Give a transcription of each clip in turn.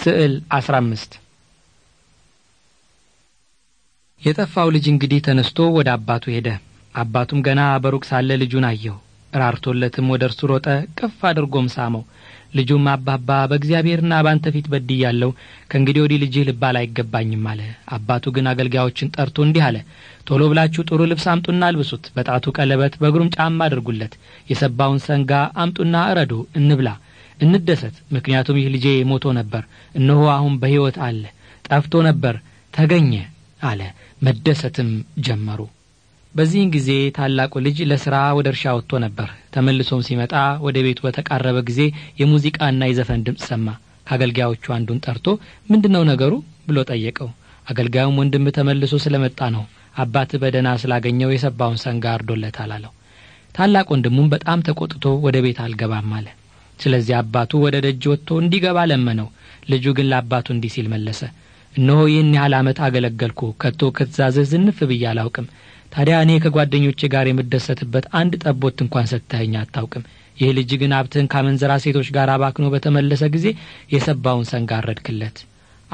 ስዕል 15 የጠፋው ልጅ እንግዲህ ተነስቶ ወደ አባቱ ሄደ። አባቱም ገና በሩቅ ሳለ ልጁን አየው። ራርቶለትም ወደ እርሱ ሮጠ፣ ቅፍ አድርጎም ሳመው። ልጁም አባባ በእግዚአብሔርና በአንተ ፊት በድያለሁ፣ ከእንግዲህ ወዲህ ልጅህ ልባል አይገባኝም አለ። አባቱ ግን አገልጋዮችን ጠርቶ እንዲህ አለ፣ ቶሎ ብላችሁ ጥሩ ልብስ አምጡና አልብሱት፣ በጣቱ ቀለበት፣ በእግሩም ጫማ አድርጉለት። የሰባውን ሰንጋ አምጡና እረዱ፣ እንብላ እንደሰት፣ ምክንያቱም ይህ ልጄ ሞቶ ነበር፣ እነሆ አሁን በሕይወት አለ፣ ጠፍቶ ነበር፣ ተገኘ አለ። መደሰትም ጀመሩ። በዚህን ጊዜ ታላቁ ልጅ ለሥራ ወደ እርሻ ወጥቶ ነበር። ተመልሶም ሲመጣ ወደ ቤቱ በተቃረበ ጊዜ የሙዚቃና የዘፈን ድምፅ ሰማ። ከአገልጋዮቹ አንዱን ጠርቶ ምንድነው ነገሩ ብሎ ጠየቀው። አገልጋዩም ወንድም ተመልሶ ስለመጣ ነው አባት በደህና ስላገኘው የሰባውን ሰንጋ አርዶለታል አለው። ታላቅ ወንድሙም በጣም ተቆጥቶ ወደ ቤት አልገባም አለ። ስለዚህ አባቱ ወደ ደጅ ወጥቶ እንዲገባ ለመነው ልጁ ግን ለአባቱ እንዲህ ሲል መለሰ እነሆ ይህን ያህል ዓመት አገለገልኩ ከቶ ከትእዛዝህ ዝንፍ ብዬ አላውቅም ታዲያ እኔ ከጓደኞቼ ጋር የምደሰትበት አንድ ጠቦት እንኳን ሰጥተኸኝ አታውቅም ይህ ልጅ ግን ሀብትህን ካመንዝራ ሴቶች ጋር አባክኖ በተመለሰ ጊዜ የሰባውን ሰንጋ አረድክለት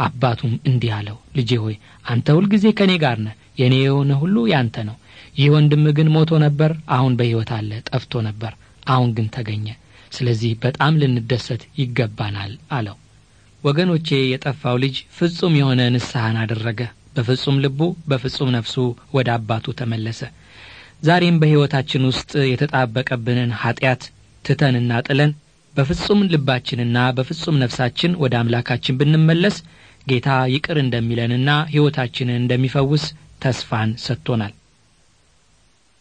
አባቱም እንዲህ አለው ልጄ ሆይ አንተ ሁልጊዜ ከእኔ ጋር ነህ የእኔ የሆነ ሁሉ ያንተ ነው ይህ ወንድም ግን ሞቶ ነበር አሁን በሕይወት አለ ጠፍቶ ነበር አሁን ግን ተገኘ ስለዚህ በጣም ልንደሰት ይገባናል አለው። ወገኖቼ የጠፋው ልጅ ፍጹም የሆነ ንስሐን አደረገ። በፍጹም ልቡ በፍጹም ነፍሱ ወደ አባቱ ተመለሰ። ዛሬም በሕይወታችን ውስጥ የተጣበቀብንን ኀጢአት ትተንና ጥለን በፍጹም ልባችንና በፍጹም ነፍሳችን ወደ አምላካችን ብንመለስ ጌታ ይቅር እንደሚለንና ሕይወታችንን እንደሚፈውስ ተስፋን ሰጥቶናል።